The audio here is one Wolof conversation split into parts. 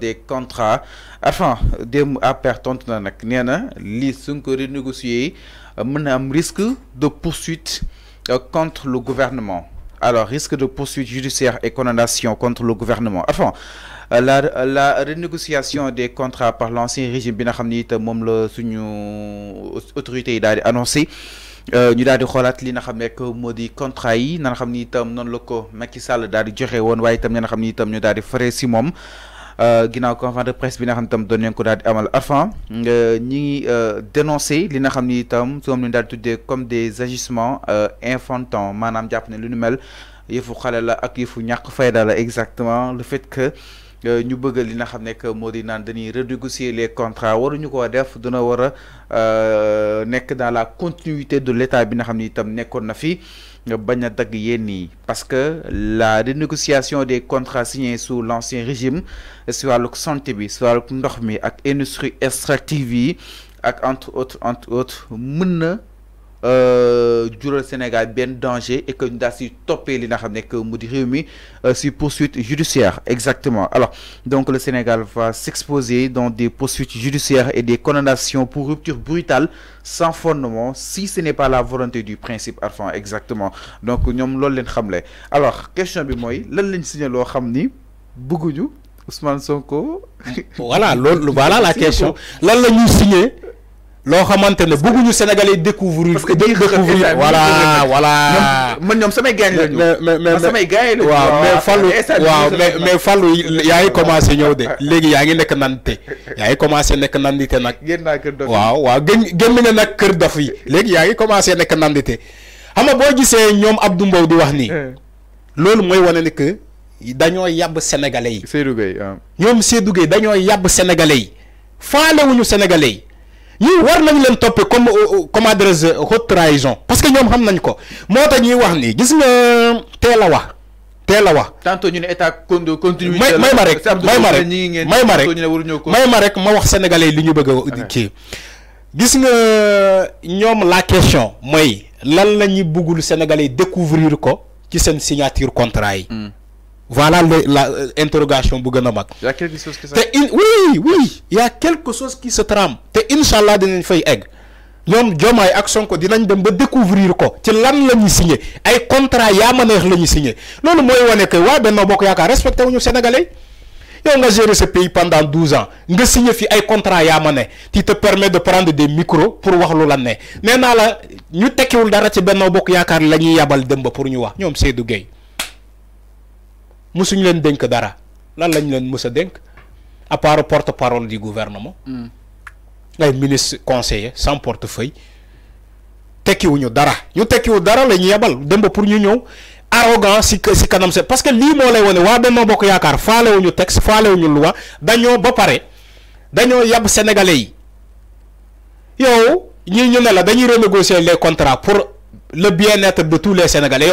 des contrats afin de APR tontu na nag euh, risque de poursuite euh, contre le gouvernement alors risque de poursuite judiciaire et condamnation contre le gouvernement afin euh, la la renégociation des contrats par l'ancien régime bi nga le autorité annoncé Euh, ñu daal di xoolaat li na xam nekk moo di contrat yi na nga xam ni itam noonu la ko Macky Sall daal di joxe woon waaye itam ñi nga xam ni itam ñu daal di fare si moom euh, ginnaaw conférence de presse bi na xam ni itam doon nañ ko daal di amal Arfan ñi ngi euh, dénoncé li na xam ni itam su moom ñu daal tuddee comme des agissements infantins maanaam jàpp ne lu nu mel yëfu xale la ak yëfu ñàkk fayda la exactement le fait que nous euh, avons li pas contrats, les contrats def euh, dans la continuité de l'état nous parce que la renégociation des contrats signés sous l'ancien régime soit santé extractive entre autres entre autres euh, le Sénégal bien danger et que nous avons su topé li nga xam euh, poursuite judiciaire exactement alors donc le Sénégal va s'exposer dans des poursuites judiciaires et des condamnations pour rupture brutale sans fondement si ce n'est pas la volonté du principe arfan exactement donc ñoom loolu leen alors question de moi lan lañ signé loo Ousmane Sonko. voilà voilà la question lan nous signé. loo xamante ne bëgguñu Sénégalais yi découvrir. parce que découvrir voilà voilà. man ñoom samay gaañ lañu. mais mais samay gaañ lañu. waaw mais ah, Fallou waaw mais yaa ngi commencé ñëw de léegi yaa ngi nekk nandite yaa ngi commencé nekk nandite nag. génn naa kër dof waaw waaw gën génn nga nag kër dof yi léegi yaa ngi commencé nekk nandite xam nga boo gisee ñoom Abdou Mbow di wax nii. Eh. loolu mooy wane ni que dañoo yàbb sénégalais yi. ñoom Seydou Gueye dañoo yàbb sénégalais yi faale wuñu sénégalais yi ñii war nañ comme euh, euh, comme adresse trahison parce que nous xam nañ ko wax ni gis nga ñu état continue may ma may ma may ma may ma ma wax sénégalais li ñu bëgg a ah, gis nga la question mooy lan sénégalais découvrir ko ci sen signature contrat yi. Hmm. Voilà l'interrogation euh, bu gën mag. Il y a quelque chose qui se. te oui oui il y a quelque chose qui se trame te incha allah dinañ fay egg ñom jomay ak Sonko dinañ dem ba découvrir ko ci lan lañu signé ay contrat ya ma neex la signé loolu moy woné que wa Benno Bokk yaaka respecté wuñu sénégalais yow nga gérer ce pays pendant 12 ans nga signé fi ay contrat ya ma ne qui te permet de prendre des micros pour wax lu la né nee naa la ñu tekkiwul dara ci Benno Bokk yaaka la yabal dem ba pour ñu wax ñom Seydou Gueye musuñu leen dara moussa lañu porte-parole du gouvernement Les hmm. ministre conseiller sans portefeuille qui dara dara la yebal pour ñu ñëw arrogant si si kanam parce que que moo lay wane waa Benno Bokk Yaakaar faalewuñu texte une loi Nous ba pare yab sénégalais yow les contrats pour le bien-être de tous les sénégalais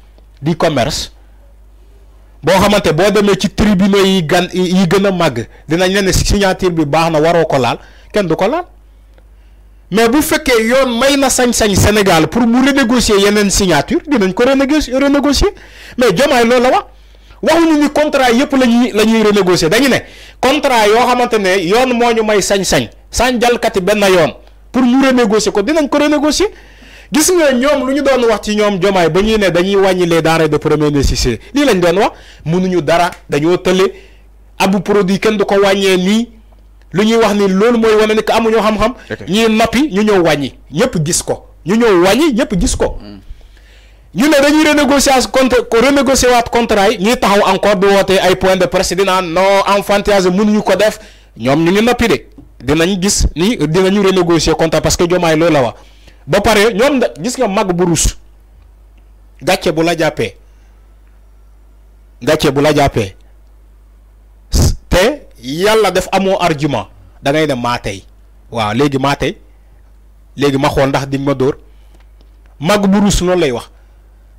di commerce bo xamante bo demee ci tribunaux yi gan yi gëna mag dinañ ne signature bi baxna waro ko laal kenn du ko laal mais bu fekkee yoon may na sañ-sañ Sénégal pour mu renégocier yenen signature dinañ ko renégocier renégocier mais jomay loolu la wax waxuñu ni contrat yépp la lañuy renégocier dañu né contrat yo xamante ne yoon moñu may sañ-sañ sañ jalkati ben yoon pour mu renégocier ko dinañ ko renégocier gis nga ñoom lu ñu doon wax ci ñoom jomaay ba ñuy ne dañuy wàññi les denrées de première nécessité lii lañ doon wax mënuñu dara dañoo tële abu produit kenn du ko wàññee nii lu ñuy wax ni loolu mooy wane ni que amuñoo xam-xam. ñuy nappi ñu ñëw wàññi ñëpp gis ko ñu ñëw wàññi ñëpp gis ko. Hmm. ñu ne dañuy renégocier contre renégocier waat contra yi ñuy taxaw encore di woote ay point de presse dina non enfantillage mënuñu ko def ñoom ñu ngi nappi de dinañ gis ni dinañu renégocier contrat parce que jomaay loolu la wax. ba pare ñoom da gis nga mag bu rus gàcce bu la jàppee gàccee bu la jàppee te yàlla def amoo argument dangay ngay ne maa tey waaw léegi maa tey léegi ma xool ndax di ma dóor mag bu rus loolu lay wax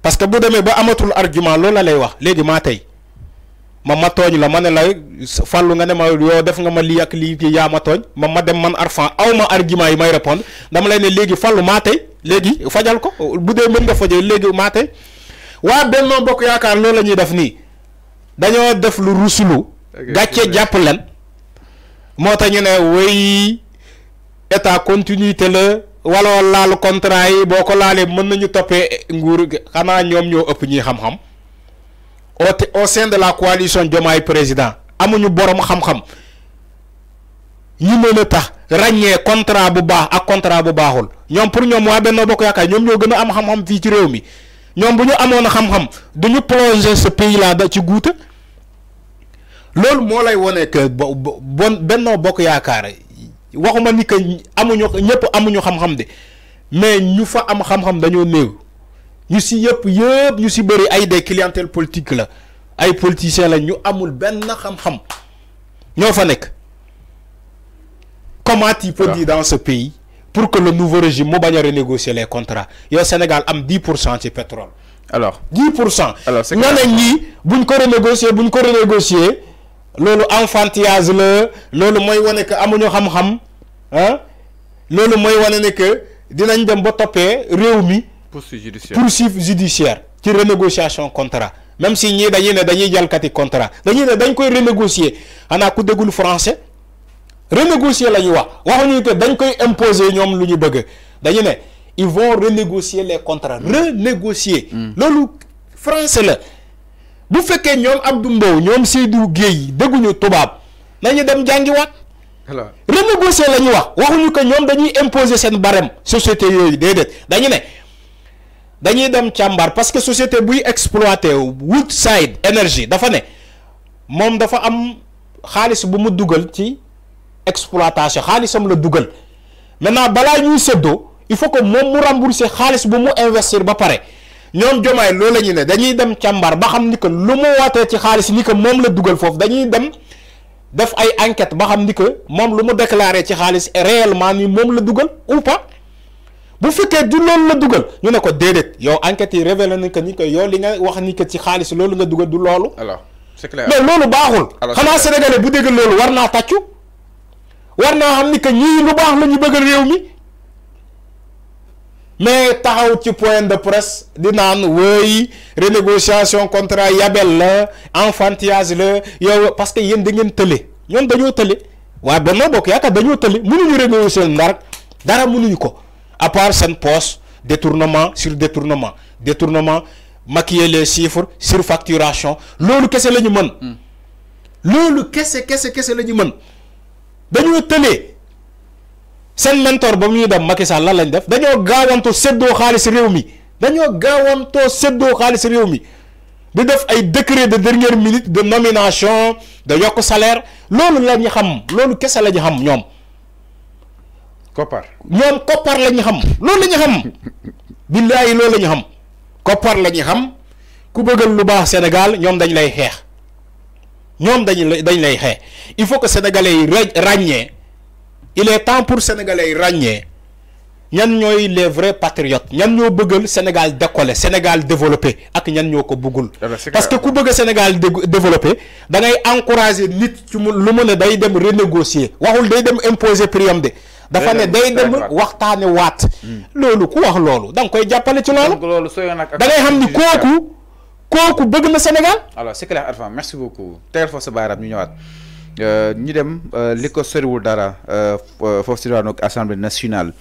parce que bu demee ba amatul argument loolu la lay wax léegi maa tey ma ma tooñ la ma ne la fàllu nga ne ma yoo def nga ma lii ak lii yaa ma tooñ ma ma dem man arfan aw ma argument yi may répondre dama lay ne léegi fàllu maa tey léegi fajal ko bu dee mën nga fajal léegi maa tey waa Benno Bokk Yaakaar loolu lañuy def nii dañoo def lu rusulu gàcce jàpp leen moo tax ñu ne wéy état continuité la wala laal contrat yi boo ko laalee mën nañu toppee nguur xanaa ñoom ñoo ëpp ñi xam-xam au au sein de la coalition Diomaye président amuñu borom xam-xam ñi mën tax ràññee contrat bu baax ak contrat bu baaxul ñom pour ñom wa Benno Bokk yaaka ñom ñoo gëna am xam-xam fi ci réew mi ñoom bu xam-xam duñu plonger ce pays là da ci goute lool mo lay woné que bon Benno Bokk Yaakaar waxuma ni que amuñu ñëpp amuñu xam-xam de mais ñu fa am xam-xam dañoo néew yu si yëpp yëpp yu si bëri ay des clientèle politique la ay politiciens la ñu amul n'a xam-xam Nous fa nekk comment tu peux dire dans ce pays pour que le nouveau régime mu bañ a renégocier les contrats au Sénégal am 10 de pétrole. alors 10 alors c'est nga ne ñii buñ ko renégocier buñ ko renégocier loolu enfantillage le loolu moy woné que amuñu xam-xam hein loolu moy woné que dinañ dem ba topé rewmi judiciaire qui judiciaire son contrat même si d'ailleurs contrat dañuy dañ renégocier français renégocier la loi que imposer un lu ñu bëgg ils vont renégocier les contrats mm. renégocier. Mm. le français la bu Abdou Mbow Seydou dem de renégocier la que imposer seen barème société dañuy dem càmbar parce que société buy exploité Woodside Energy dafa ne moom dafa am xaalis bu mu dugal ci exploitation xaalisam la dugal maintenant balaa ñuy séddoo il faut que moom mu rembourser xaalis bu mu investir ba pare ñoom jomaay loolu la ñu ne dañuy dem càmbar ba xam ni que lu mu wootee ci xaalis ni que moom la dugal foofu dañuy dem def ay enquête ba xam ni que moom lu mu déclaré ci xaalis réellement ni moom la dugal ou pas bu faites du non la dugal ñu ne ko yow enquête yi révélé que que ni que ci nga dugal du alors c'est clair mais baaxul. sénégalais bu dégg war na war na que ni lu baax la bëgg réew mi mais taxaw ci point de presse di naan renégociation contrat yabel la enfantillage le, yow parce que yéen da ngeen tële ñoom dañoo tële Bokk dara à part cette poste détournement sur détournement détournement maquiller les chiffres surfacturation loolu kese la ñu mën. Hmm. loolu kese c'est kese c'est ñu mën dañoo tëlee seen mentor ba mu dem Macky Sall lañ def dañoo gaawantoo seddo xaalis réew mi dañoo gaawantoo séddoo xaalis réew mi di def ay décret de dernière minute de nomination de yokk salaire loolu la ñu xam loolu kese la ñu xam ñoom copar ñoom copar la ñu xam loolu la ñu xam billahi loolu la ñu xam copar la ñu xam ku bëggal lu baax Sénégal ñoom dañ lay xeex ñoom dañ dañ lay xeex il faut que sénégalais yi ràññee il est temps pour sénégalais yi ràññee ñan ñooy les vrais patriotes ñan ñoo bëggal Sénégal décoller Sénégal développé ak ñan ñoo ko bëggul. Eh ben, parce que ku bëgg Sénégal développé da ngay encourager nit ci lu mu ne day dem renégocier waxul day dem imposer prix am de. dafa ne day dem waxtaane waat hmm. loolu ku wax loolu danga koy jàppale ci loolu loolu da ngay xam ni kooku kooku bëgg na Sénégal alors c'est clair Arfan merci beaucoup teel foofu sa baaraam ñu ñëwaat euh, ñu dem euh, li ko soriwul dara euh, foofu si daanook assemblée nationale